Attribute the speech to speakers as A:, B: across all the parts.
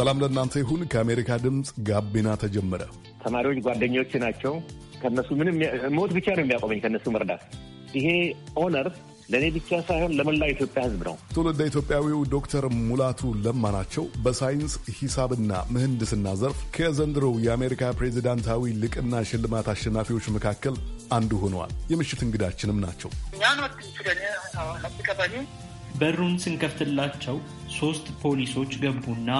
A: ሰላም ለእናንተ ይሁን። ከአሜሪካ ድምፅ ጋቢና ተጀመረ።
B: ተማሪዎች ጓደኞች ናቸው። ከነሱ ምንም ሞት ብቻ ነው የሚያቆመኝ ከነሱ መርዳት። ይሄ ኦነር ለእኔ ብቻ ሳይሆን ለመላው ኢትዮጵያ ሕዝብ ነው።
A: ትውልደ ኢትዮጵያዊው ዶክተር ሙላቱ ለማ ናቸው። በሳይንስ ሂሳብና ምህንድስና ዘርፍ ከዘንድሮው የአሜሪካ ፕሬዚዳንታዊ ልቅና ሽልማት አሸናፊዎች መካከል አንዱ ሆነዋል። የምሽት እንግዳችንም ናቸው። በሩን
C: ስንከፍትላቸው ሶስት ፖሊሶች ገቡና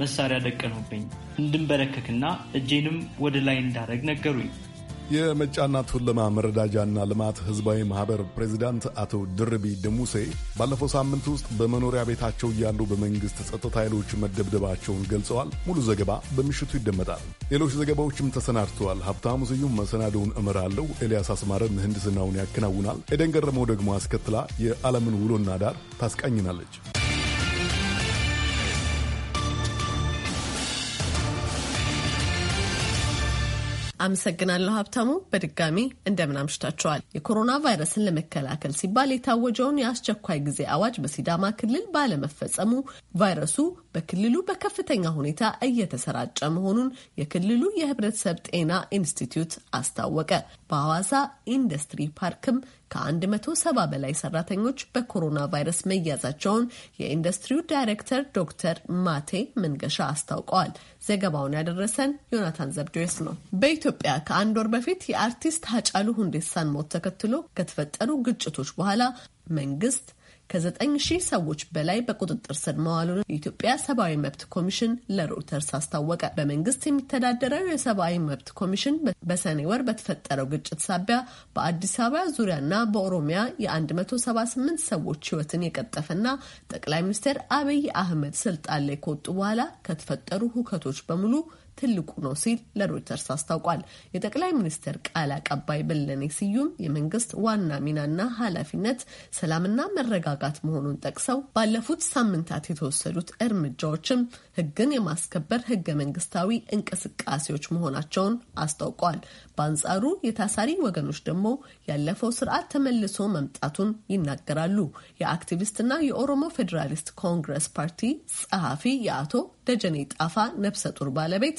C: መሳሪያ ደቀኑብኝ። እንድንበረከክና እጄንም ወደ ላይ እንዳረግ ነገሩኝ።
A: የመጫና ቱለማ መረዳጃና ልማት ህዝባዊ ማህበር ፕሬዚዳንት አቶ ድርቢ ደሙሴ ባለፈው ሳምንት ውስጥ በመኖሪያ ቤታቸው እያሉ በመንግስት ጸጥታ ኃይሎች መደብደባቸውን ገልጸዋል። ሙሉ ዘገባ በምሽቱ ይደመጣል። ሌሎች ዘገባዎችም ተሰናድተዋል። ሀብታሙ ስዩም መሰናዶውን እመራለሁ። ኤልያስ አስማረ ምህንድስናውን ያከናውናል። ኤደን ገረመው ደግሞ አስከትላ የዓለምን ውሎና ዳር ታስቃኝናለች።
D: አመሰግናለሁ ሀብታሙ። በድጋሚ እንደምን አምሽታችኋል። የኮሮና ቫይረስን ለመከላከል ሲባል የታወጀውን የአስቸኳይ ጊዜ አዋጅ በሲዳማ ክልል ባለመፈጸሙ ቫይረሱ በክልሉ በከፍተኛ ሁኔታ እየተሰራጨ መሆኑን የክልሉ የህብረተሰብ ጤና ኢንስቲትዩት አስታወቀ። በሐዋሳ ኢንዱስትሪ ፓርክም ከ170 በላይ ሰራተኞች በኮሮና ቫይረስ መያዛቸውን የኢንዱስትሪው ዳይሬክተር ዶክተር ማቴ መንገሻ አስታውቀዋል። ዘገባውን ያደረሰን ዮናታን ዘብዶስ ነው። በኢትዮጵያ ከአንድ ወር በፊት የአርቲስት ሀጫሉ ሁንዴሳን ሞት ተከትሎ ከተፈጠሩ ግጭቶች በኋላ መንግስት ከዘጠኝ ሺህ ሰዎች በላይ በቁጥጥር ስር መዋሉን የኢትዮጵያ ሰብአዊ መብት ኮሚሽን ለሮይተርስ አስታወቀ። በመንግስት የሚተዳደረው የሰብአዊ መብት ኮሚሽን በሰኔ ወር በተፈጠረው ግጭት ሳቢያ በአዲስ አበባ ዙሪያና በኦሮሚያ የ178 ሰዎች ህይወትን የቀጠፈና ጠቅላይ ሚኒስትር አብይ አህመድ ስልጣን ላይ ከወጡ በኋላ ከተፈጠሩ ሁከቶች በሙሉ ትልቁ ነው ሲል ለሮይተርስ አስታውቋል። የጠቅላይ ሚኒስትር ቃል አቀባይ በለኔ ስዩም የመንግስት ዋና ሚናና ኃላፊነት ሰላምና መረጋጋት መሆኑን ጠቅሰው ባለፉት ሳምንታት የተወሰዱት እርምጃዎችም ህግን የማስከበር ህገ መንግስታዊ እንቅስቃሴዎች መሆናቸውን አስታውቋል። በአንጻሩ የታሳሪ ወገኖች ደግሞ ያለፈው ስርዓት ተመልሶ መምጣቱን ይናገራሉ። የአክቲቪስትና የኦሮሞ ፌዴራሊስት ኮንግረስ ፓርቲ ጸሐፊ የአቶ ደጀኔ ጣፋ ነፍሰ ጡር ባለቤት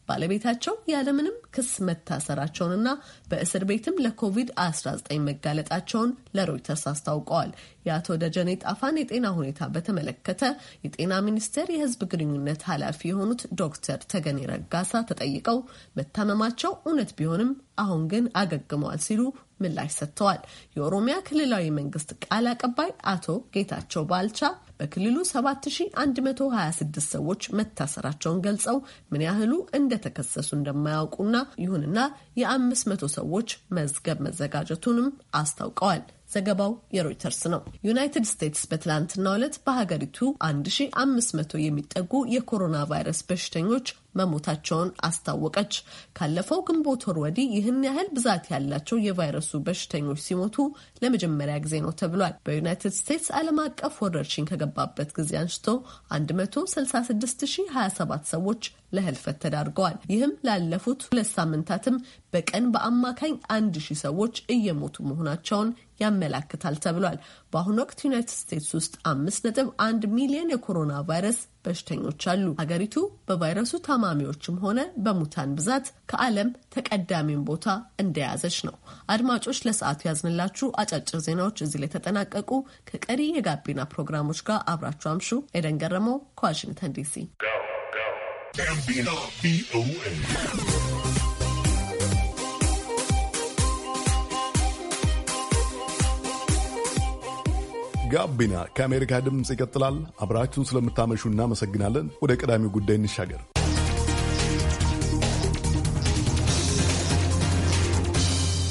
D: ባለቤታቸው ያለምንም ክስ መታሰራቸውንና በእስር ቤትም ለኮቪድ-19 መጋለጣቸውን ለሮይተርስ አስታውቀዋል። የአቶ ደጀኔ ጣፋን የጤና ሁኔታ በተመለከተ የጤና ሚኒስቴር የሕዝብ ግንኙነት ኃላፊ የሆኑት ዶክተር ተገኔ ረጋሳ ተጠይቀው መታመማቸው እውነት ቢሆንም አሁን ግን አገግመዋል ሲሉ ምላሽ ሰጥተዋል። የኦሮሚያ ክልላዊ መንግስት ቃል አቀባይ አቶ ጌታቸው ባልቻ በክልሉ 7126 ሰዎች መታሰራቸውን ገልጸው ምን ያህሉ እንደ እንደተከሰሱ እንደማያውቁና ይሁንና የአምስት መቶ ሰዎች መዝገብ መዘጋጀቱንም አስታውቀዋል። ዘገባው የሮይተርስ ነው። ዩናይትድ ስቴትስ በትላንትናው ዕለት በሀገሪቱ 1500 የሚጠጉ የኮሮና ቫይረስ በሽተኞች መሞታቸውን አስታወቀች። ካለፈው ግንቦት ወር ወዲህ ይህን ያህል ብዛት ያላቸው የቫይረሱ በሽተኞች ሲሞቱ ለመጀመሪያ ጊዜ ነው ተብሏል። በዩናይትድ ስቴትስ ዓለም አቀፍ ወረርሽኝ ከገባበት ጊዜ አንስቶ 166027 ሰዎች ለህልፈት ተዳርገዋል። ይህም ላለፉት ሁለት ሳምንታትም በቀን በአማካኝ አንድ ሺህ ሰዎች እየሞቱ መሆናቸውን ያመላክታል ተብሏል። በአሁኑ ወቅት ዩናይትድ ስቴትስ ውስጥ አምስት ነጥብ አንድ ሚሊዮን የኮሮና ቫይረስ በሽተኞች አሉ። ሀገሪቱ በቫይረሱ ታማሚዎችም ሆነ በሙታን ብዛት ከዓለም ተቀዳሚውን ቦታ እንደያዘች ነው። አድማጮች፣ ለሰዓቱ ያዝንላችሁ አጫጭር ዜናዎች እዚህ ላይ ተጠናቀቁ። ከቀሪ የጋቢና ፕሮግራሞች ጋር አብራችሁ አምሹ። ኤደን ገረመው ከዋሽንግተን ዲሲ
A: ጋቢና ከአሜሪካ ድምፅ ይቀጥላል። አብራችሁን ስለምታመሹ እናመሰግናለን። ወደ ቀዳሚው ጉዳይ እንሻገር።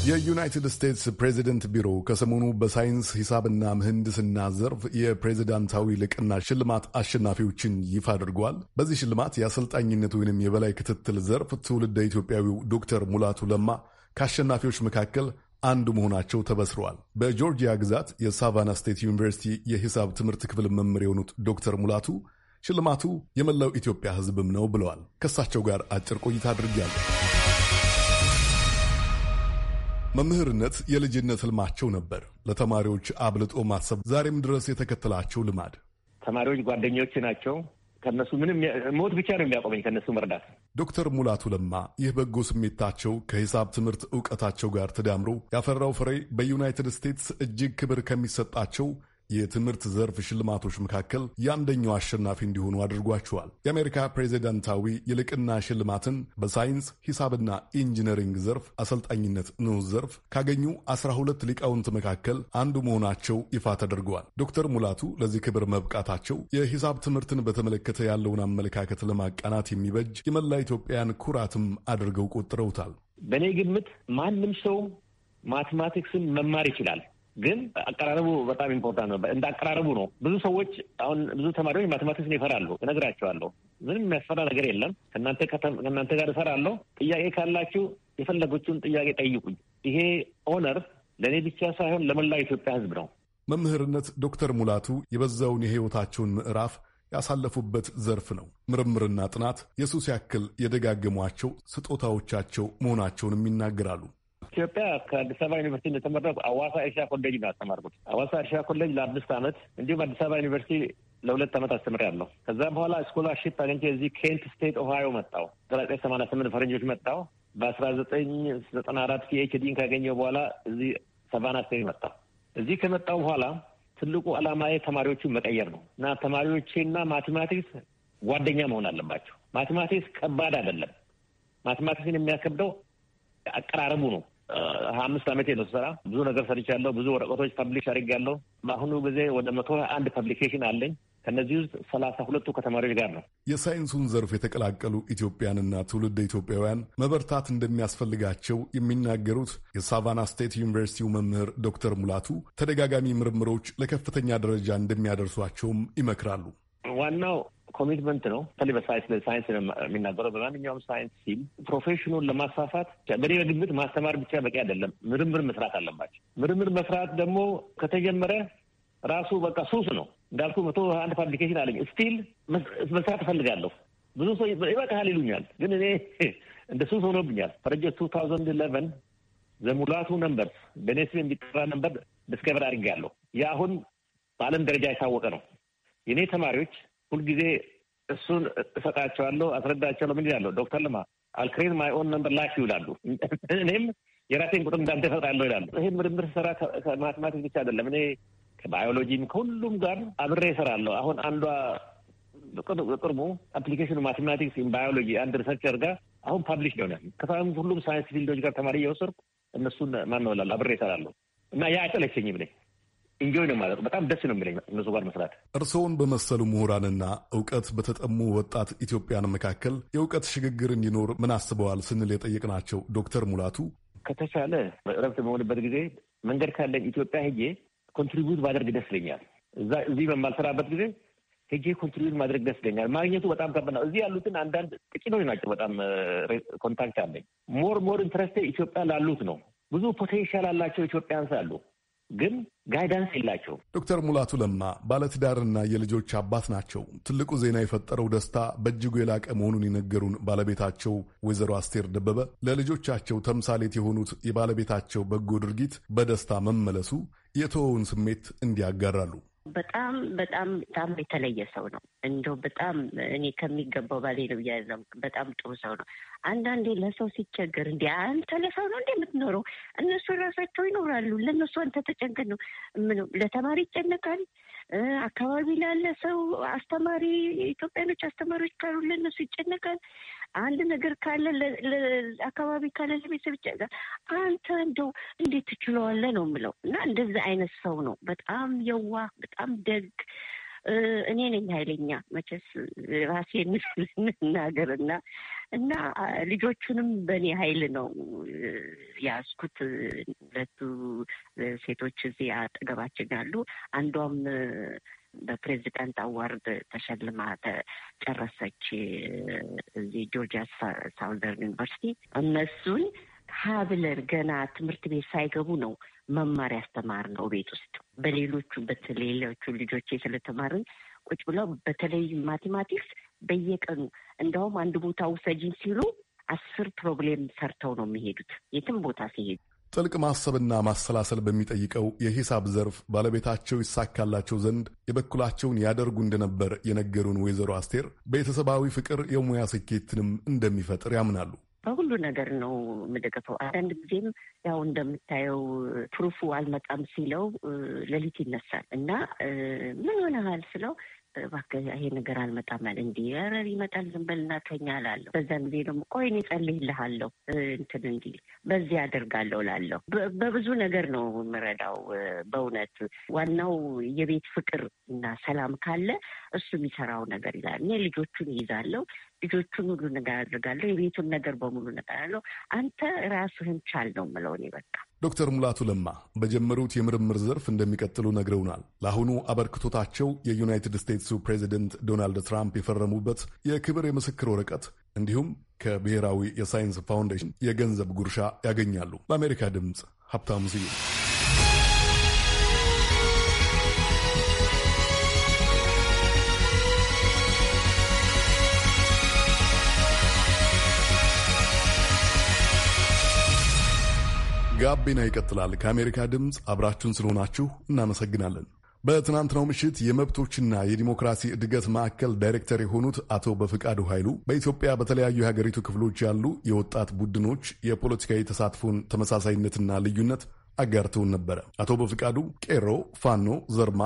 A: የዩናይትድ ስቴትስ ፕሬዚደንት ቢሮ ከሰሞኑ በሳይንስ ሂሳብና ምህንድስና ዘርፍ የፕሬዚዳንታዊ ልቅና ሽልማት አሸናፊዎችን ይፋ አድርጓል። በዚህ ሽልማት የአሰልጣኝነት ወይንም የበላይ ክትትል ዘርፍ ትውልደ ኢትዮጵያዊው ዶክተር ሙላቱ ለማ ከአሸናፊዎች መካከል አንዱ መሆናቸው ተበስረዋል። በጆርጂያ ግዛት የሳቫና ስቴት ዩኒቨርሲቲ የሂሳብ ትምህርት ክፍል መምህር የሆኑት ዶክተር ሙላቱ ሽልማቱ የመላው ኢትዮጵያ ሕዝብም ነው ብለዋል። ከእሳቸው ጋር አጭር ቆይታ አድርጌያለሁ። መምህርነት የልጅነት ህልማቸው ነበር። ለተማሪዎች አብልጦ ማሰብ ዛሬም ድረስ የተከተላቸው ልማድ።
B: ተማሪዎች ጓደኞች ናቸው። ከነሱ ምንም ሞት ብቻ ነው የሚያቆመኝ ከነሱ መርዳት።
A: ዶክተር ሙላቱ ለማ ይህ በጎ ስሜታቸው ከሂሳብ ትምህርት እውቀታቸው ጋር ተዳምሮ ያፈራው ፍሬ በዩናይትድ ስቴትስ እጅግ ክብር ከሚሰጣቸው የትምህርት ዘርፍ ሽልማቶች መካከል የአንደኛው አሸናፊ እንዲሆኑ አድርጓቸዋል። የአሜሪካ ፕሬዚዳንታዊ የልቅና ሽልማትን በሳይንስ ሂሳብና ኢንጂነሪንግ ዘርፍ አሰልጣኝነት ንዑስ ዘርፍ ካገኙ 12 ሊቃውንት መካከል አንዱ መሆናቸው ይፋ ተደርገዋል። ዶክተር ሙላቱ ለዚህ ክብር መብቃታቸው የሂሳብ ትምህርትን በተመለከተ ያለውን አመለካከት ለማቃናት የሚበጅ የመላ ኢትዮጵያን ኩራትም አድርገው ቆጥረውታል።
B: በእኔ ግምት ማንም ሰው ማትማቲክስን መማር ይችላል። ግን አቀራረቡ በጣም ኢምፖርታንት ነው። እንደ አቀራረቡ ነው። ብዙ ሰዎች አሁን ብዙ ተማሪዎች ማቴማቲክስን ይፈራሉ። እነግራቸዋለሁ፣ ምንም የሚያስፈራ ነገር የለም። ከእናንተ ጋር እሰራለሁ። ጥያቄ ካላችሁ የፈለጎችን ጥያቄ ጠይቁኝ። ይሄ ኦነር ለእኔ ብቻ ሳይሆን ለመላው ኢትዮጵያ ሕዝብ ነው።
A: መምህርነት ዶክተር ሙላቱ የበዛውን የህይወታቸውን ምዕራፍ ያሳለፉበት ዘርፍ ነው። ምርምርና ጥናት የሱስ ያክል የደጋገሟቸው ስጦታዎቻቸው መሆናቸውንም ይናገራሉ።
B: ኢትዮጵያ ከአዲስ አበባ ዩኒቨርሲቲ እንደተመረቁ አዋሳ እርሻ ኮሌጅ ነው ያስተማርኩት። አዋሳ እርሻ ኮሌጅ ለአምስት ዓመት እንዲሁም አዲስ አበባ ዩኒቨርሲቲ ለሁለት ዓመት አስተምሬያለሁ። ከዛም በኋላ ስኮላርሺፕ አግኝቼ እዚህ ኬንት ስቴት ኦሃዮ መጣሁ። ዘጠና ሰማንያ ስምንት ፈረንጆች መጣሁ። በአስራ ዘጠኝ ዘጠና አራት ፒኤችዲን ካገኘሁ በኋላ እዚህ ሰቫና ስቴት መጣሁ። እዚህ ከመጣሁ በኋላ ትልቁ ዓላማዬ ተማሪዎቹን መቀየር ነው እና ተማሪዎቼና ማቴማቲክስ ጓደኛ መሆን አለባቸው። ማቴማቲክስ ከባድ አይደለም። ማቴማቲክስን የሚያከብደው አቀራረቡ ነው። አምስት ዓመቴ ነው ስሰራ ብዙ ነገር ሰርቻለሁ። ብዙ ወረቀቶች ፐብሊሽ አድርጌያለሁ። በአሁኑ ጊዜ ወደ መቶ አንድ ፐብሊኬሽን አለኝ። ከነዚህ ውስጥ ሰላሳ ሁለቱ ከተማሪዎች ጋር ነው።
A: የሳይንሱን ዘርፍ የተቀላቀሉ ኢትዮጵያንና ትውልድ ኢትዮጵያውያን መበርታት እንደሚያስፈልጋቸው የሚናገሩት የሳቫና ስቴት ዩኒቨርሲቲው መምህር ዶክተር ሙላቱ ተደጋጋሚ ምርምሮች ለከፍተኛ ደረጃ እንደሚያደርሷቸውም ይመክራሉ።
B: ዋናው ኮሚትመንት ነው። በተለይ በሳይንስ ሳይንስ የሚናገረው በማንኛውም ሳይንስ ሲል ፕሮፌሽኑን ለማስፋፋት በእኔ በግምት ማስተማር ብቻ በቂ አይደለም። ምርምር መስራት አለባቸው። ምርምር መስራት ደግሞ ከተጀመረ ራሱ በቃ ሱስ ነው እንዳልኩ መቶ አንድ ፋብሪኬሽን አለኝ ስቲል መስራት እፈልጋለሁ። ብዙ ሰው ይበቃሃል ይሉኛል፣ ግን እኔ እንደ ሱስ ሆኖብኛል። ፈረጀ ቱ ታውዘንድ ኢሌቨን ዘሙላቱ ነምበር በእኔ ስም የሚጠራ ነምበር ዲስከቨር አድርጌያለሁ። የአሁን በዓለም ደረጃ የታወቀ ነው። የእኔ ተማሪዎች ሁልጊዜ እሱን እሰጣቸዋለሁ፣ አስረዳቸዋለሁ። ምን ያለው ዶክተር ልማ አልክሬን ማይ ኦን ነምበር ላክ ይውላሉ። እኔም የራሴን ቁጥር እንዳንተ እፈጥራለሁ ይላሉ። ይህን ምርምር ስራ ከማትማቲክ ብቻ አይደለም። እኔ ከባዮሎጂም ከሁሉም ጋር አብሬ እሰራለሁ። አሁን አንዷ ቅርቡ አፕሊኬሽኑ ማቴማቲክስ ባዮሎጂ አንድ ሪሰርቸር ጋር አሁን ፐብሊሽ ነው ከሁሉም ሳይንስ ፊልዶች ጋር ተማሪ እየወሰድኩ እነሱን ማንበላል አብሬ እሰራለሁ እና ያ አይጠለቸኝም ብለኝ እንጆይ ነው ማለት በጣም ደስ ነው የሚለኝ እነሱ ጋር መስራት።
A: እርስዎን በመሰሉ ምሁራንና እውቀት በተጠሙ ወጣት ኢትዮጵያን መካከል የእውቀት ሽግግር እንዲኖር ምን አስበዋል ስንል የጠየቅናቸው ዶክተር ሙላቱ
B: ከተቻለ ረብት በሆንበት ጊዜ መንገድ ካለኝ ኢትዮጵያ ሄጄ ኮንትሪቢዩት ባደርግ ደስ ይለኛል። እዛ እዚህ በማልሰራበት ጊዜ ሄጄ ኮንትሪቢዩት ማድረግ ደስ ይለኛል። ማግኘቱ በጣም ከባድ ነው። እዚህ ያሉትን አንዳንድ ጥቂቶች ናቸው። በጣም ኮንታክት አለኝ። ሞር ሞር ኢንትረስቴ ኢትዮጵያ ላሉት ነው። ብዙ ፖቴንሻል አላቸው ኢትዮጵያንስ አሉ። ግን ጋይዳንስ የላቸውም።
A: ዶክተር ሙላቱ ለማ ባለትዳርና የልጆች አባት ናቸው። ትልቁ ዜና የፈጠረው ደስታ በእጅጉ የላቀ መሆኑን የነገሩን ባለቤታቸው ወይዘሮ አስቴር ደበበ ለልጆቻቸው ተምሳሌት የሆኑት የባለቤታቸው በጎ ድርጊት በደስታ መመለሱ የተወውን ስሜት እንዲያጋራሉ
E: በጣም በጣም በጣም የተለየ ሰው ነው። እንደው በጣም እኔ ከሚገባው ባሌ ነው እያለው በጣም ጥሩ ሰው ነው። አንዳንዴ ለሰው ሲቸገር እንዲ አንተ ለሰው ነው እንዲ የምትኖረው እነሱ ራሳቸው ይኖራሉ። ለእነሱ አንተ ተጨንቅ ነው ምነው ለተማሪ ይጨነቃል። አካባቢ ላለ ሰው አስተማሪ ኢትዮጵያኖች አስተማሪዎች ካሉ ለእነሱ ይጨነቃል። አንድ ነገር ካለ አካባቢ ካለ ለቤተሰብ ብቻ ጋር አንተ እንደው እንዴት ትችለዋለ ነው የምለው እና እንደዚህ አይነት ሰው ነው። በጣም የዋህ፣ በጣም ደግ እኔ ነኝ ኃይለኛ መቼስ ራሴ እንናገር እና እና ልጆቹንም በእኔ ኃይል ነው ያዝኩት። ሁለቱ ሴቶች እዚህ አጠገባችን ያሉ አንዷም በፕሬዚዳንት አዋርድ ተሸልማ ተጨረሰች እዚህ ጆርጂያ ሳውዘርን ዩኒቨርሲቲ። እነሱን ሀብለን ብለን ገና ትምህርት ቤት ሳይገቡ ነው መማር ያስተማር ነው ቤት ውስጥ በሌሎቹ በሌሎቹ ልጆች ስለተማርን ቁጭ ብለው በተለይ ማቴማቲክስ በየቀኑ እንደውም አንድ ቦታ ውሰጂኝ ሲሉ አስር ፕሮብሌም ሰርተው ነው የሚሄዱት የትም ቦታ ሲሄዱ
A: ጥልቅ ማሰብና ማሰላሰል በሚጠይቀው የሂሳብ ዘርፍ ባለቤታቸው ይሳካላቸው ዘንድ የበኩላቸውን ያደርጉ እንደነበር የነገሩን ወይዘሮ አስቴር ቤተሰባዊ ፍቅር የሙያ ስኬትንም እንደሚፈጥር ያምናሉ።
E: በሁሉ ነገር ነው የምደገፈው። አንዳንድ ጊዜም ያው እንደምታየው ፕሩፉ አልመጣም ሲለው ሌሊት ይነሳል እና ምን ሆነሃል ስለው እባክህ ይሄ ነገር አልመጣም አለ። እንዲ ኧረ ይመጣል ዝም በል እና ተኛ እላለሁ። በዛን ጊዜ ደግሞ ቆይ እኔ እጸልይልሃለሁ እንትን እንዲህ በዚህ አደርጋለሁ እላለሁ። በብዙ ነገር ነው የምረዳው። በእውነት ዋናው የቤት ፍቅር እና ሰላም ካለ እሱ የሚሰራው ነገር ይላል። እኔ ልጆቹን ይይዛለሁ፣ ልጆቹን ሁሉ ነገር አድርጋለሁ። የቤቱን ነገር በሙሉ ነገር አለው። አንተ ራስህን ቻል ነው የምለው እኔ በቃ።
A: ዶክተር ሙላቱ ለማ በጀመሩት የምርምር ዘርፍ እንደሚቀጥሉ ነግረውናል። ለአሁኑ አበርክቶታቸው የዩናይትድ ስቴትሱ ፕሬዚደንት ዶናልድ ትራምፕ የፈረሙበት የክብር የምስክር ወረቀት እንዲሁም ከብሔራዊ የሳይንስ ፋውንዴሽን የገንዘብ ጉርሻ ያገኛሉ። ለአሜሪካ ድምፅ ሀብታሙ ስዩም ጋቢና ይቀጥላል። ከአሜሪካ ድምፅ አብራችሁን ስለሆናችሁ እናመሰግናለን። በትናንትናው ምሽት የመብቶችና የዲሞክራሲ እድገት ማዕከል ዳይሬክተር የሆኑት አቶ በፍቃዱ ኃይሉ በኢትዮጵያ በተለያዩ የሀገሪቱ ክፍሎች ያሉ የወጣት ቡድኖች የፖለቲካዊ ተሳትፎን ተመሳሳይነትና ልዩነት አጋርተውን ነበረ። አቶ በፍቃዱ ቄሮ፣ ፋኖ፣ ዘርማ፣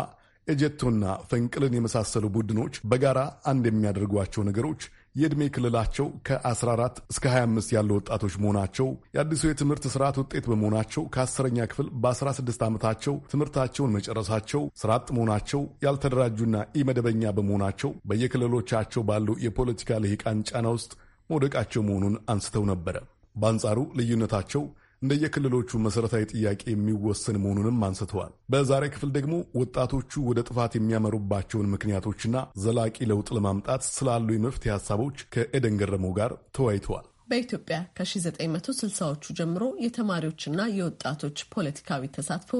A: ኤጀቶና ፈንቅልን የመሳሰሉ ቡድኖች በጋራ አንድ የሚያደርጓቸው ነገሮች የዕድሜ ክልላቸው ከ14 እስከ 25 ያሉ ወጣቶች መሆናቸው የአዲሱ የትምህርት ስርዓት ውጤት በመሆናቸው ከአስረኛ ክፍል በ16 ዓመታቸው ትምህርታቸውን መጨረሳቸው፣ ስራ መሆናቸው፣ ያልተደራጁና ኢመደበኛ በመሆናቸው በየክልሎቻቸው ባሉ የፖለቲካ ልሂቃን ጫና ውስጥ መውደቃቸው መሆኑን አንስተው ነበረ። በአንጻሩ ልዩነታቸው እንደየክልሎቹ መሠረታዊ ጥያቄ የሚወሰን መሆኑንም አንስተዋል። በዛሬ ክፍል ደግሞ ወጣቶቹ ወደ ጥፋት የሚያመሩባቸውን ምክንያቶችና ዘላቂ ለውጥ ለማምጣት ስላሉ የመፍትሄ ሀሳቦች ከኤደን ገረመው ጋር ተወያይተዋል።
D: በኢትዮጵያ ከ1960ዎቹ ጀምሮ የተማሪዎችና የወጣቶች ፖለቲካዊ ተሳትፎ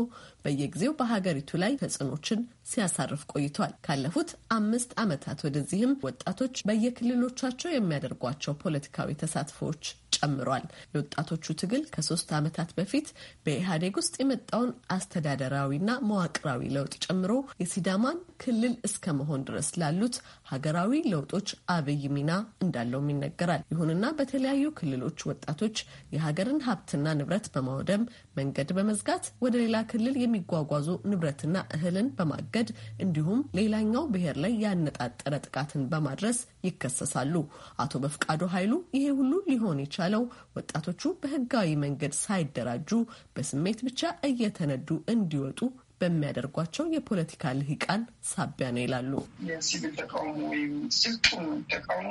D: በየጊዜው በሀገሪቱ ላይ ተጽዕኖችን ሲያሳርፍ ቆይቷል። ካለፉት አምስት ዓመታት ወደዚህም ወጣቶች በየክልሎቻቸው የሚያደርጓቸው ፖለቲካዊ ተሳትፎዎች ጨምሯል። የወጣቶቹ ትግል ከሶስት ዓመታት በፊት በኢህአዴግ ውስጥ የመጣውን አስተዳደራዊና መዋቅራዊ ለውጥ ጨምሮ የሲዳማን ክልል እስከ መሆን ድረስ ላሉት ሀገራዊ ለውጦች አብይ ሚና እንዳለውም ይነገራል። ይሁንና በተለያዩ ክልሎች ወጣቶች የሀገርን ሀብትና ንብረት በማውደም መንገድ በመዝጋት ወደ ሌላ ክልል የሚጓጓዙ ንብረትና እህልን በማገድ እንዲሁም ሌላኛው ብሔር ላይ ያነጣጠረ ጥቃትን በማድረስ ይከሰሳሉ። አቶ በፍቃዱ ኃይሉ ይሄ ሁሉ ሊሆን የቻለው ወጣቶቹ በህጋዊ መንገድ ሳይደራጁ በስሜት ብቻ እየተነዱ እንዲወጡ በሚያደርጓቸው የፖለቲካ ልሂቃን ሳቢያ ነው ይላሉ።
F: የሲቪል ተቃውሞ ወይም ስልጡን ተቃውሞ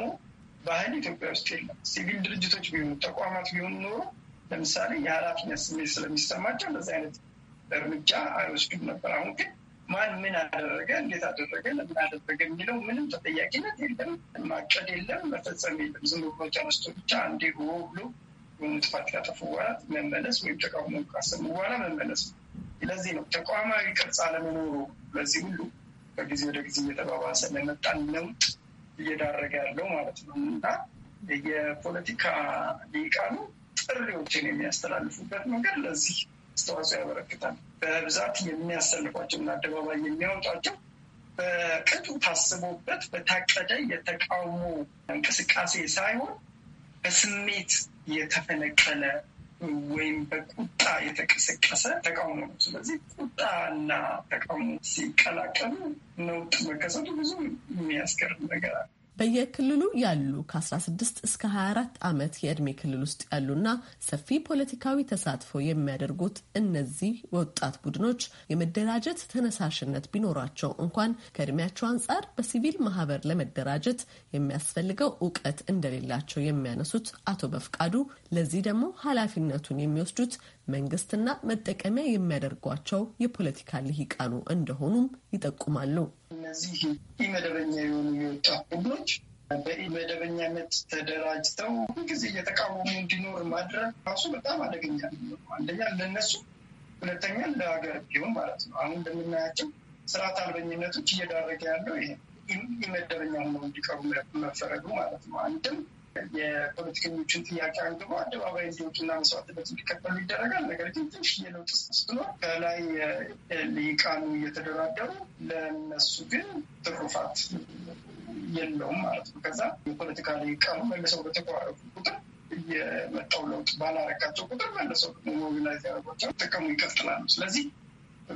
F: ባህል ኢትዮጵያ ውስጥ የለም። ሲቪል ድርጅቶች ቢሆኑ ተቋማት ቢሆኑ ኖሮ ለምሳሌ የኃላፊነት ስሜት ስለሚሰማቸው እንደዚህ አይነት እርምጃ አይወስዱም ነበር። አሁን ግን ማን ምን አደረገ፣ እንዴት አደረገ፣ ለምን አደረገ የሚለው ምንም ተጠያቂነት የለም፣ ማቀድ የለም፣ መፈጸም የለም። ዝም ብሎ ተነስቶ ብቻ እንዲ ሆ ብሎ ጥፋት ካጠፉ በኋላ መመለስ ወይም ተቃውሞ ካሰሙ በኋላ መመለስ ነው። ለዚህ ነው ተቋማዊ ቅርጽ አለመኖሩ ለዚህ ሁሉ ከጊዜ ወደ ጊዜ እየተባባሰ ለመጣን ለውጥ እየዳረገ ያለው ማለት ነው እና የፖለቲካ ሊቃኑ ጥሪዎችን የሚያስተላልፉበት መንገድ ለዚህ አስተዋጽኦ ያበረክታል። በብዛት እና አደባባይ የሚያወጧቸው በቅጡ ታስቦበት በታቀደ የተቃውሞ እንቅስቃሴ ሳይሆን በስሜት የተፈነቀለ ወይም በቁጣ የተቀሰቀሰ ተቃውሞ ነው። ስለዚህ ቁጣና ተቃውሞ ሲቀላቀሉ ነውጥ መከሰቱ ብዙ የሚያስገርም ነገር አለ።
D: በየክልሉ ያሉ ከ16 እስከ 24 ዓመት የዕድሜ ክልል ውስጥ ያሉና ሰፊ ፖለቲካዊ ተሳትፎ የሚያደርጉት እነዚህ ወጣት ቡድኖች የመደራጀት ተነሳሽነት ቢኖራቸው እንኳን ከእድሜያቸው አንጻር በሲቪል ማህበር ለመደራጀት የሚያስፈልገው እውቀት እንደሌላቸው የሚያነሱት አቶ በፍቃዱ ለዚህ ደግሞ ኃላፊነቱን የሚወስዱት መንግስትና መጠቀሚያ የሚያደርጓቸው የፖለቲካ ልሂቃኑ እንደሆኑም ይጠቁማሉ።
F: እነዚህ ኢመደበኛ የሆኑ የወጣት ቡድኖች በኢመደበኛነት ተደራጅተው ጊዜ እየተቃወሙ እንዲኖር ማድረግ ራሱ በጣም አደገኛ አንደኛ ለነሱ፣ ሁለተኛ ለሀገር ቢሆን ማለት ነው። አሁን እንደምናያቸው ስርዓት አልበኝነቶች እየዳረገ ያለው ይሄ ኢመደበኛ ሆነው እንዲቀሩ መፈረዱ ማለት ነው። አንድም የፖለቲከኞችን ጥያቄ አንግቦ አደባባይ እንዲወጡና መስዋዕትነት እንዲከፈሉ ይደረጋል። ነገር ግን ትንሽ የለውጥ ስትኖር ከላይ ሊቃኑ እየተደራደሩ ለነሱ ግን ትሩፋት የለውም ማለት ነው። ከዛ የፖለቲካ ሊቃኑ መልሰው በተቆራረጡ ቁጥር የመጣው ለውጥ ባላረካቸው ቁጥር መለሰው ሞቢላይዝ ያደረጓቸው ጥቅሙ ይቀጥላሉ። ስለዚህ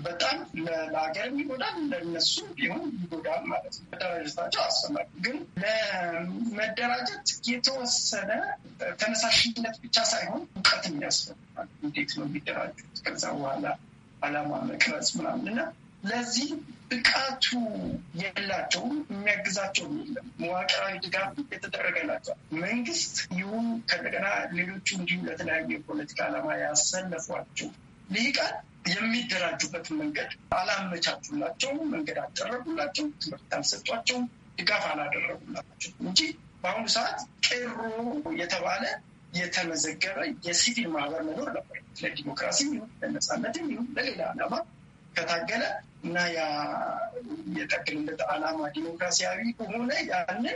F: በጣም ለሀገርም ይጎዳል፣ ለነሱ ቢሆን ይጎዳል ማለት ነው። መደራጀታቸው አስፈላጊ ግን ለመደራጀት የተወሰነ ተነሳሽነት ብቻ ሳይሆን እውቀት ያስፈልጋል። እንዴት ነው የሚደራጁት? ከዛ በኋላ አላማ መቅረጽ ምናምን እና ለዚህ ብቃቱ የላቸውም። የሚያግዛቸውም የለም። መዋቅራዊ ድጋፍ የተደረገላቸው መንግስት ይሁን ከእንደገና ሌሎቹ እንዲሁም ለተለያዩ የፖለቲካ ዓላማ ያሰለፏቸው ልሂቃን የሚደራጁበት መንገድ አላመቻቹላቸው መንገድ አደረጉላቸው ትምህርት አልሰጧቸው፣ ድጋፍ አላደረጉላቸው እንጂ በአሁኑ ሰዓት ቄሮ የተባለ የተመዘገበ የሲቪል ማህበር መኖር ነበር። ለዲሞክራሲ ይሁን ለነጻነት ይሁን ለሌላ ዓላማ ከታገለ እና ያ የጠቅልነት ዓላማ ዲሞክራሲያዊ ከሆነ ያንን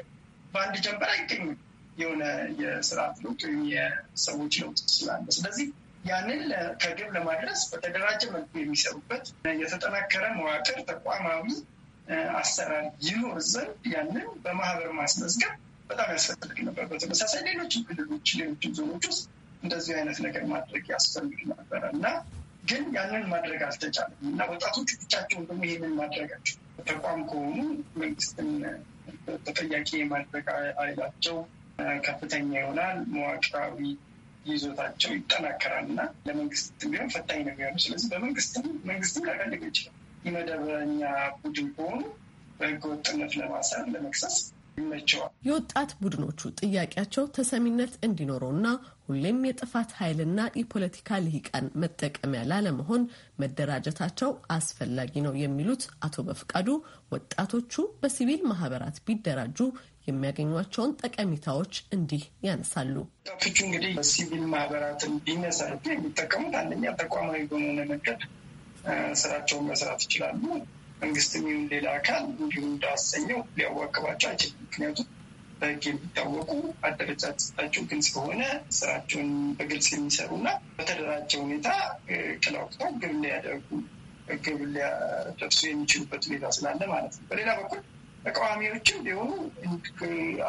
F: በአንድ ጀንበር አይገኝም። የሆነ የስርዓት ለውጥ ወይም የሰዎች ለውጥ ስላለ ስለዚህ ያንን ከግብ ለማድረስ በተደራጀ መልኩ የሚሰሩበት የተጠናከረ መዋቅር ተቋማዊ አሰራር ይኖር ዘንድ ያንን በማህበር ማስመዝገብ በጣም ያስፈልግ ነበር። በተመሳሳይ ሌሎችም ክልሎች፣ ሌሎችም ዞኖች ውስጥ እንደዚህ አይነት ነገር ማድረግ ያስፈልግ ነበረ እና ግን ያንን ማድረግ አልተቻለም እና ወጣቶቹ ብቻቸውን ደግሞ ይህንን ማድረጋቸው ተቋም ከሆኑ መንግስትን ተጠያቂ የማድረግ አይላቸው ከፍተኛ ይሆናል መዋቅራዊ ይዞታቸው ይጠናከራልና ለመንግስት ቢሆን ፈታኝ ነው የሚሆኑ። ስለዚህ በመንግስትም መንግስትም ላይፈልግ ይችላል። የመደበኛ ቡድን ከሆኑ በህገወጥነት ለማሰር ለመክሰስ ይመቸዋል።
D: የወጣት ቡድኖቹ ጥያቄያቸው ተሰሚነት እንዲኖረውና ሁሌም የጥፋት ኃይልና የፖለቲካ ልሂቃን መጠቀሚያ ላለመሆን መደራጀታቸው አስፈላጊ ነው የሚሉት አቶ በፍቃዱ ወጣቶቹ በሲቪል ማህበራት ቢደራጁ የሚያገኟቸውን ጠቀሜታዎች እንዲህ ያነሳሉ።
F: ቶቹ እንግዲህ ሲቪል ማህበራትን ቢመሰርቱ የሚጠቀሙት አንደኛ ተቋማዊ በሆነ መንገድ ስራቸውን መስራት ይችላሉ። መንግስትም ይሁን ሌላ አካል እንዲሁም እንዳሰኘው ሊያዋክባቸው አይችልም። ምክንያቱም በህግ የሚታወቁ አደረጃጀታቸው ግልጽ ከሆነ ስራቸውን በግልጽ የሚሰሩና በተደራጀ ሁኔታ ክላውቅተው ግብ ሊያደርጉ ግብ ሊያደርሱ የሚችሉበት ሁኔታ ስላለ ማለት ነው። በሌላ በኩል ተቃዋሚዎችም ቢሆኑ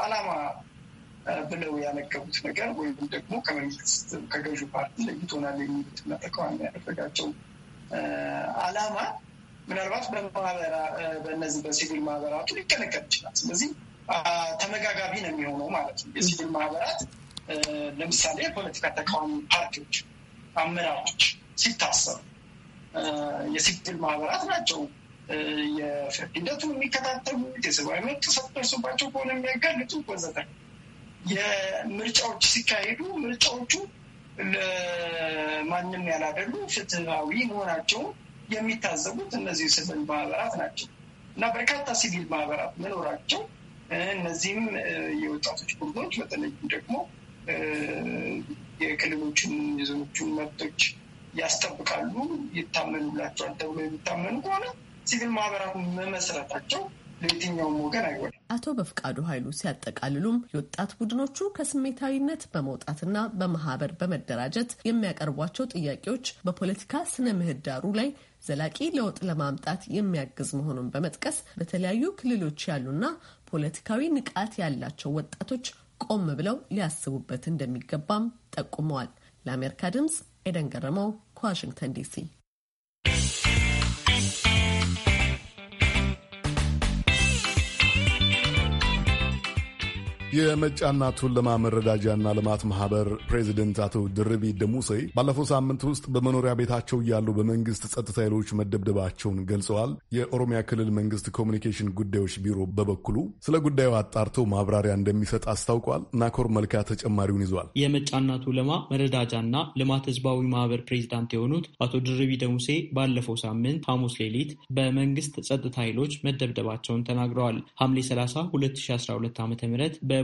F: አላማ ብለው ያነገቡት ነገር ወይም ደግሞ ከመንግስት ከገዢው ፓርቲ ለይቶናል የሚሉትና ተቃዋሚ ያደረጋቸው አላማ ምናልባት በእነዚህ በሲቪል ማህበራቱ ሊቀነቀብ ይችላል። ስለዚህ ተመጋጋቢ ነው የሚሆነው ማለት ነው። የሲቪል ማህበራት ለምሳሌ የፖለቲካ ተቃዋሚ ፓርቲዎች አመራሮች ሲታሰሩ የሲቪል ማህበራት ናቸው ሂደቱ የሚከታተሉት የሰብአዊ መብት ጥሰት ደርሶባቸው ከሆነ የሚያጋልጡ ወዘተ የምርጫዎች ሲካሄዱ ምርጫዎቹ ለማንም ያላደሉ ፍትሃዊ መሆናቸውን የሚታዘቡት እነዚህ ሲቪል ማህበራት ናቸው እና በርካታ ሲቪል ማህበራት መኖራቸው እነዚህም የወጣቶች ቡድኖች በተለይም ደግሞ የክልሎችን የዞኖችን መብቶች ያስጠብቃሉ፣ ይታመኑላቸዋል ተብሎ የሚታመኑ ከሆነ ሲቪል ማህበራት መመስረታቸው ለየትኛውም ወገን
D: አይወድም። አቶ በፍቃዱ ኃይሉ ሲያጠቃልሉም የወጣት ቡድኖቹ ከስሜታዊነት በመውጣትና በማህበር በመደራጀት የሚያቀርቧቸው ጥያቄዎች በፖለቲካ ስነ ምህዳሩ ላይ ዘላቂ ለውጥ ለማምጣት የሚያግዝ መሆኑን በመጥቀስ በተለያዩ ክልሎች ያሉና ፖለቲካዊ ንቃት ያላቸው ወጣቶች ቆም ብለው ሊያስቡበት እንደሚገባም ጠቁመዋል። ለአሜሪካ ድምፅ ኤደን ገረመው ከዋሽንግተን ዲሲ
A: የመጫና ቱለማ መረዳጃና ልማት ማህበር ፕሬዚደንት አቶ ድርቢ ደሙሴ ባለፈው ሳምንት ውስጥ በመኖሪያ ቤታቸው እያሉ በመንግስት ጸጥታ ኃይሎች መደብደባቸውን ገልጸዋል። የኦሮሚያ ክልል መንግስት ኮሚኒኬሽን ጉዳዮች ቢሮ በበኩሉ ስለ ጉዳዩ አጣርቶ ማብራሪያ እንደሚሰጥ አስታውቋል። ናኮር መልካ ተጨማሪውን ይዟል።
C: የመጫና ቱለማ መረዳጃና ልማት ህዝባዊ ማህበር ፕሬዚዳንት የሆኑት አቶ ድርቢ ደሙሴ ባለፈው ሳምንት ሐሙስ ሌሊት በመንግስት ጸጥታ ኃይሎች መደብደባቸውን ተናግረዋል። ሐምሌ 30 2012 ዓ ም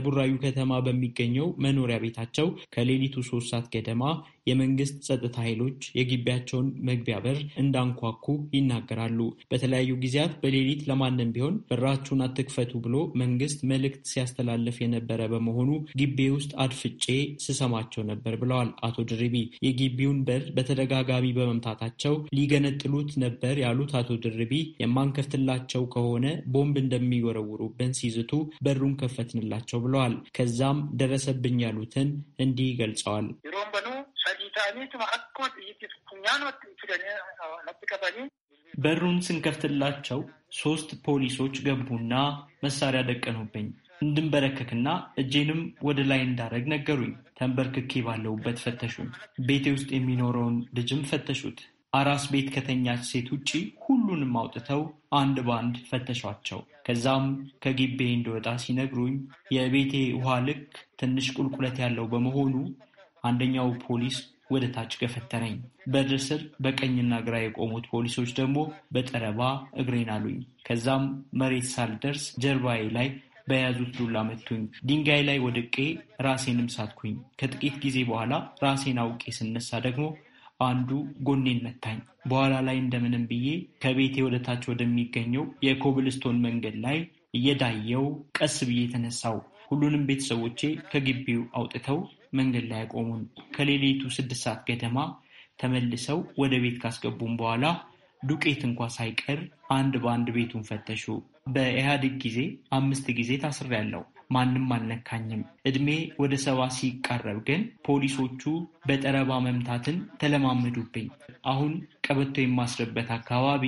C: በቡራዩ ከተማ በሚገኘው መኖሪያ ቤታቸው ከሌሊቱ ሶስት ሰዓት ገደማ የመንግስት ጸጥታ ኃይሎች የግቢያቸውን መግቢያ በር እንዳንኳኩ ይናገራሉ። በተለያዩ ጊዜያት በሌሊት ለማንም ቢሆን በራችሁን አትክፈቱ ብሎ መንግስት መልእክት ሲያስተላልፍ የነበረ በመሆኑ ግቢ ውስጥ አድፍጬ ስሰማቸው ነበር ብለዋል አቶ ድርቢ። የግቢውን በር በተደጋጋሚ በመምታታቸው ሊገነጥሉት ነበር ያሉት አቶ ድርቢ የማንከፍትላቸው ከሆነ ቦምብ እንደሚወረውሩብን ሲዝቱ በሩን ከፈትንላቸው ብለዋል። ከዛም ደረሰብኝ ያሉትን እንዲህ ገልጸዋል። በሩን ስንከፍትላቸው ሶስት ፖሊሶች ገቡና መሳሪያ ደቀኑብኝ። እንድንበረከክና እጄንም ወደ ላይ እንዳረግ ነገሩኝ። ተንበርክኬ ባለውበት ፈተሹኝ። ቤቴ ውስጥ የሚኖረውን ልጅም ፈተሹት። አራስ ቤት ከተኛች ሴት ውጪ ሁሉንም አውጥተው አንድ በአንድ ፈተሿቸው። ከዛም ከግቤ እንደወጣ ሲነግሩኝ የቤቴ ውሃ ልክ ትንሽ ቁልቁለት ያለው በመሆኑ አንደኛው ፖሊስ ወደ ታች ገፈተረኝ። በድር ስር በቀኝና ግራ የቆሙት ፖሊሶች ደግሞ በጠረባ እግሬን አሉኝ። ከዛም መሬት ሳልደርስ ጀርባዬ ላይ በያዙት ዱላ መቱኝ። ድንጋይ ላይ ወድቄ ራሴንም ሳትኩኝ። ከጥቂት ጊዜ በኋላ ራሴን አውቄ ስነሳ ደግሞ አንዱ ጎኔን መታኝ። በኋላ ላይ እንደምንም ብዬ ከቤቴ ወደ ታች ወደሚገኘው የኮብልስቶን መንገድ ላይ እየዳየው ቀስ ብዬ ተነሳው። ሁሉንም ቤተሰቦቼ ከግቢው አውጥተው መንገድ ላይ ያቆሙን። ከሌሊቱ ስድስት ሰዓት ገደማ ተመልሰው ወደ ቤት ካስገቡን በኋላ ዱቄት እንኳ ሳይቀር አንድ በአንድ ቤቱን ፈተሹ። በኢህአዴግ ጊዜ አምስት ጊዜ ታስሬያለሁ። ማንም አልነካኝም። እድሜ ወደ ሰባ ሲቃረብ ግን ፖሊሶቹ በጠረባ መምታትን ተለማመዱብኝ። አሁን ቀበቶ የማስርበት አካባቢ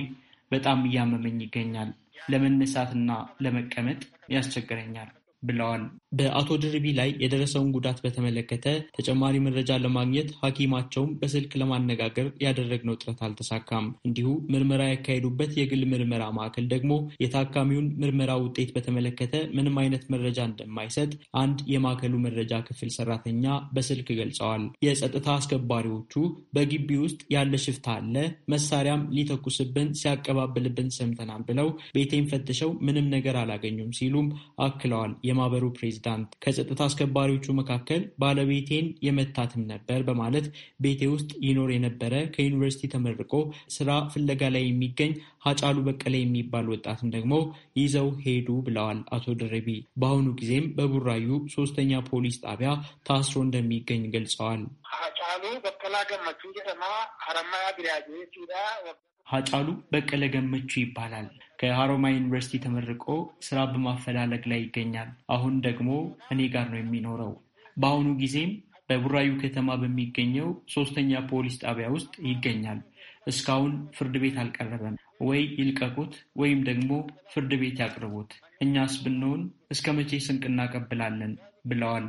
C: በጣም እያመመኝ ይገኛል። ለመነሳትና ለመቀመጥ ያስቸግረኛል። ብለዋል። በአቶ ድርቢ ላይ የደረሰውን ጉዳት በተመለከተ ተጨማሪ መረጃ ለማግኘት ሐኪማቸውም በስልክ ለማነጋገር ያደረግነው ጥረት አልተሳካም። እንዲሁ ምርመራ ያካሄዱበት የግል ምርመራ ማዕከል ደግሞ የታካሚውን ምርመራ ውጤት በተመለከተ ምንም አይነት መረጃ እንደማይሰጥ አንድ የማዕከሉ መረጃ ክፍል ሰራተኛ በስልክ ገልጸዋል። የጸጥታ አስከባሪዎቹ በግቢ ውስጥ ያለ ሽፍታ አለ፣ መሳሪያም ሊተኩስብን ሲያቀባብልብን ሰምተናል ብለው ቤቴን ፈትሸው ምንም ነገር አላገኙም ሲሉም አክለዋል። የማህበሩ ፕሬዚዳንት ከጸጥታ አስከባሪዎቹ መካከል ባለቤቴን የመታትም ነበር በማለት ቤቴ ውስጥ ይኖር የነበረ ከዩኒቨርሲቲ ተመርቆ ስራ ፍለጋ ላይ የሚገኝ ሀጫሉ በቀለ የሚባል ወጣትም ደግሞ ይዘው ሄዱ ብለዋል አቶ ደረቢ። በአሁኑ ጊዜም በቡራዩ ሶስተኛ ፖሊስ ጣቢያ ታስሮ እንደሚገኝ ገልጸዋል። ሀጫሉ በቀለ ገመቹ ይባላል። ከሃሮማ ዩኒቨርሲቲ ተመርቆ ስራ በማፈላለግ ላይ ይገኛል። አሁን ደግሞ እኔ ጋር ነው የሚኖረው። በአሁኑ ጊዜም በቡራዩ ከተማ በሚገኘው ሶስተኛ ፖሊስ ጣቢያ ውስጥ ይገኛል። እስካሁን ፍርድ ቤት አልቀረበም። ወይ ይልቀቁት ወይም ደግሞ ፍርድ ቤት ያቅርቡት። እኛስ ብንሆን እስከ መቼ ስንቅ እናቀብላለን ብለዋል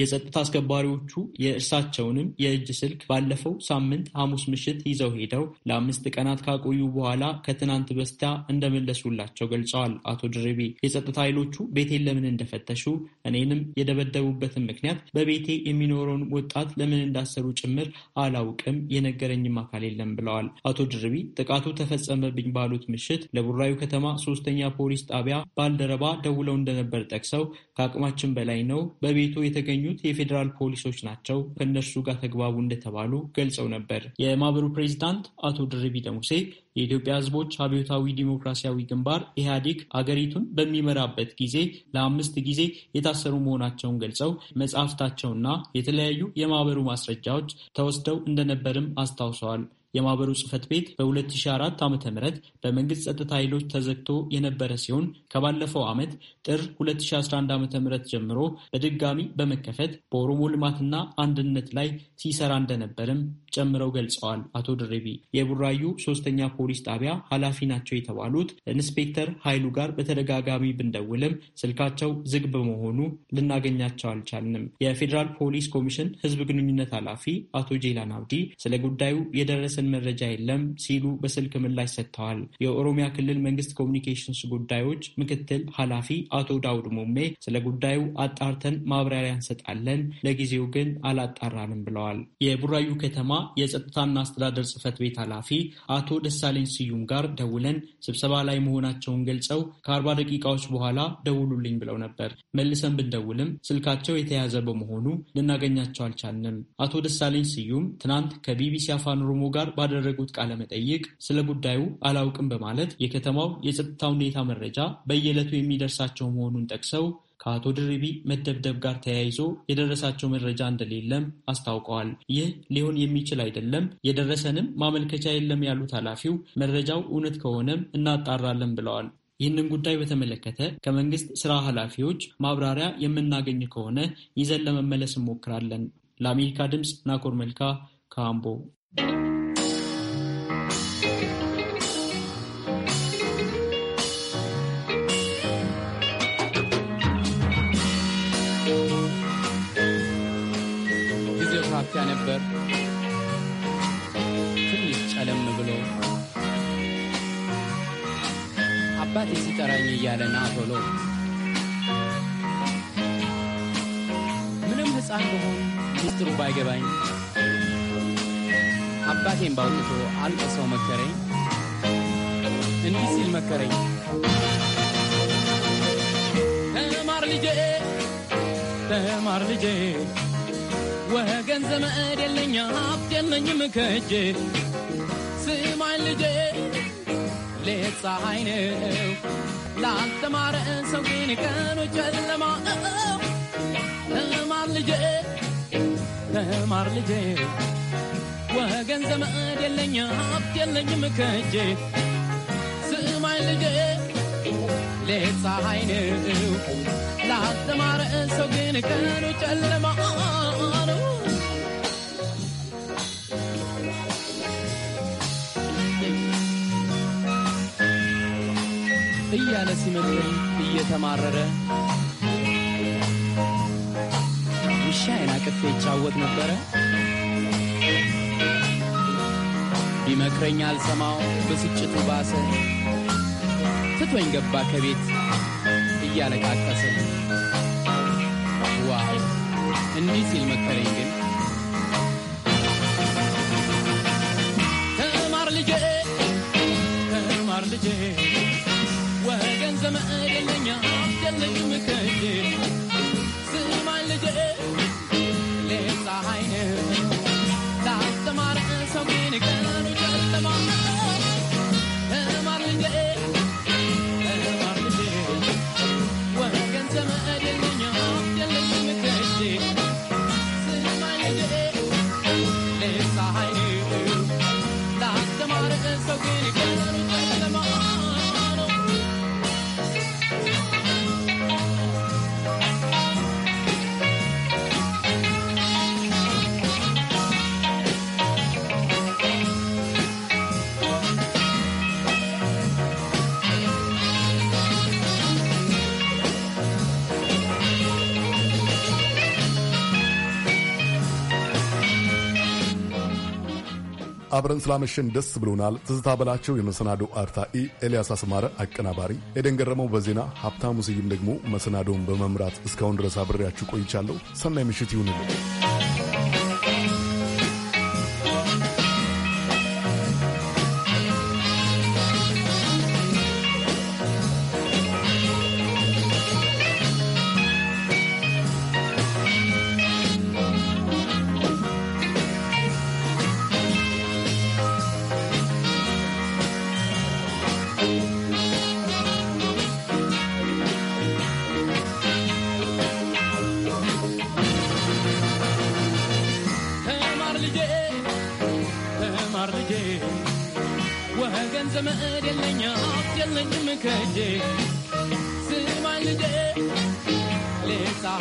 C: የጸጥታ አስከባሪዎቹ የእርሳቸውንም የእጅ ስልክ ባለፈው ሳምንት ሐሙስ ምሽት ይዘው ሄደው ለአምስት ቀናት ካቆዩ በኋላ ከትናንት በስቲያ እንደመለሱላቸው ገልጸዋል። አቶ ድርቤ የጸጥታ ኃይሎቹ ቤቴን ለምን እንደፈተሹ እኔንም የደበደቡበትን ምክንያት በቤቴ የሚኖረውን ወጣት ለምን እንዳሰሩ ጭምር አላውቅም፣ የነገረኝም አካል የለም ብለዋል። አቶ ድርቢ ጥቃቱ ተፈጸመብኝ ባሉት ምሽት ለቡራዩ ከተማ ሶስተኛ ፖሊስ ጣቢያ ባልደረባ ደውለው እንደነበር ጠቅሰው ከአቅማችን በላይ ነው በቤቱ የተገኙ የሚገኙት የፌዴራል ፖሊሶች ናቸው ከእነርሱ ጋር ተግባቡ እንደተባሉ ገልጸው ነበር። የማህበሩ ፕሬዚዳንት አቶ ድርቢ ደሙሴ የኢትዮጵያ ሕዝቦች አብዮታዊ ዲሞክራሲያዊ ግንባር ኢህአዴግ አገሪቱን በሚመራበት ጊዜ ለአምስት ጊዜ የታሰሩ መሆናቸውን ገልጸው መጽሐፍታቸውና የተለያዩ የማህበሩ ማስረጃዎች ተወስደው እንደነበርም አስታውሰዋል። የማህበሩ ጽህፈት ቤት በ2004 ዓ ም በመንግስት ጸጥታ ኃይሎች ተዘግቶ የነበረ ሲሆን ከባለፈው ዓመት ጥር 2011 ዓ ም ጀምሮ በድጋሚ በመከፈት በኦሮሞ ልማትና አንድነት ላይ ሲሰራ እንደነበርም ጨምረው ገልጸዋል። አቶ ድሬቢ የቡራዩ ሶስተኛ ፖሊስ ጣቢያ ኃላፊ ናቸው የተባሉት ኢንስፔክተር ኃይሉ ጋር በተደጋጋሚ ብንደውልም ስልካቸው ዝግ በመሆኑ ልናገኛቸው አልቻልንም። የፌዴራል ፖሊስ ኮሚሽን ህዝብ ግንኙነት ኃላፊ አቶ ጄላን አብዲ ስለ ጉዳዩ የደረሰ የሚያመለክትን መረጃ የለም ሲሉ በስልክ ምላሽ ሰጥተዋል። የኦሮሚያ ክልል መንግስት ኮሚኒኬሽንስ ጉዳዮች ምክትል ኃላፊ አቶ ዳውድ ሞሜ ስለ ጉዳዩ አጣርተን ማብራሪያ እንሰጣለን፣ ለጊዜው ግን አላጣራንም ብለዋል። የቡራዩ ከተማ የጸጥታና አስተዳደር ጽህፈት ቤት ኃላፊ አቶ ደሳለኝ ስዩም ጋር ደውለን ስብሰባ ላይ መሆናቸውን ገልጸው ከአርባ ደቂቃዎች በኋላ ደውሉልኝ ብለው ነበር። መልሰን ብንደውልም ስልካቸው የተያዘ በመሆኑ ልናገኛቸው አልቻልንም። አቶ ደሳለኝ ስዩም ትናንት ከቢቢሲ አፋን ኦሮሞ ጋር ባደረጉት ቃለ መጠይቅ ስለ ጉዳዩ አላውቅም በማለት የከተማው የጸጥታ ሁኔታ መረጃ በየዕለቱ የሚደርሳቸው መሆኑን ጠቅሰው ከአቶ ድርቢ መደብደብ ጋር ተያይዞ የደረሳቸው መረጃ እንደሌለም አስታውቀዋል። ይህ ሊሆን የሚችል አይደለም፣ የደረሰንም ማመልከቻ የለም ያሉት ኃላፊው መረጃው እውነት ከሆነም እናጣራለን ብለዋል። ይህንን ጉዳይ በተመለከተ ከመንግስት ስራ ኃላፊዎች ማብራሪያ የምናገኝ ከሆነ ይዘን ለመመለስ እንሞክራለን። ለአሜሪካ ድምፅ ናኮር መልካ you.
G: አባቴ ሲጠራኝ እያለ ና ቶሎ ምንም ሕፃን በሆን ሚስጥሩ ባይገባኝ አባቴን ባውጥቶ አንድ ሰው መከረኝ። እንዲህ ሲል መከረኝ፣ ተማር ልጄ፣ ተማር ልጄ፣ ወገን ዘመድ የለኝ ሀብት የለኝም ከጄ፣ ስማኝ ልጄ ليتصاين لا تمار انسو كين كان وجلما تمار لجي تمار لجي وገንዘብ የለኝ ሀብት የለኝ ምከጄ ስማይ ልጄ ሌት ፀሐይ ነው ላስተማረ ሰው ግን ቀኑ ጨለማ እያለ ሲመስለኝ እየተማረረ ውሻዬን አቅፌ ይጫወት ነበረ። ቢመክረኝ አልሰማው ብስጭቱ ባሰ። ትቶኝ ገባ ከቤት እያለቃቀሰ። ዋይ እንዲህ ሲል መከረኝ ግን ተማር ልጄ ተማር ልጄ وገንዘብ እድለኛ ደልግ ምከድ ስማን ልጅ ሌፃ ሃይን ላስተማረ ሰው ግን
A: አብረን ስላመሸን ደስ ብሎናል። ትዝታ በላቸው የመሰናዶ አርታኢ፣ ኤልያስ አስማረ አቀናባሪ፣ ኤደን ገረመው በዜና ሀብታሙ ስይም ደግሞ መሰናዶውን በመምራት እስካሁን ድረስ አብሬያችሁ ቆይቻለሁ። ሰናይ ምሽት ይሁንልን።
G: ወገን ዘመድ የለኛ የለኝም ከእጄ ስማኝ ሌሳ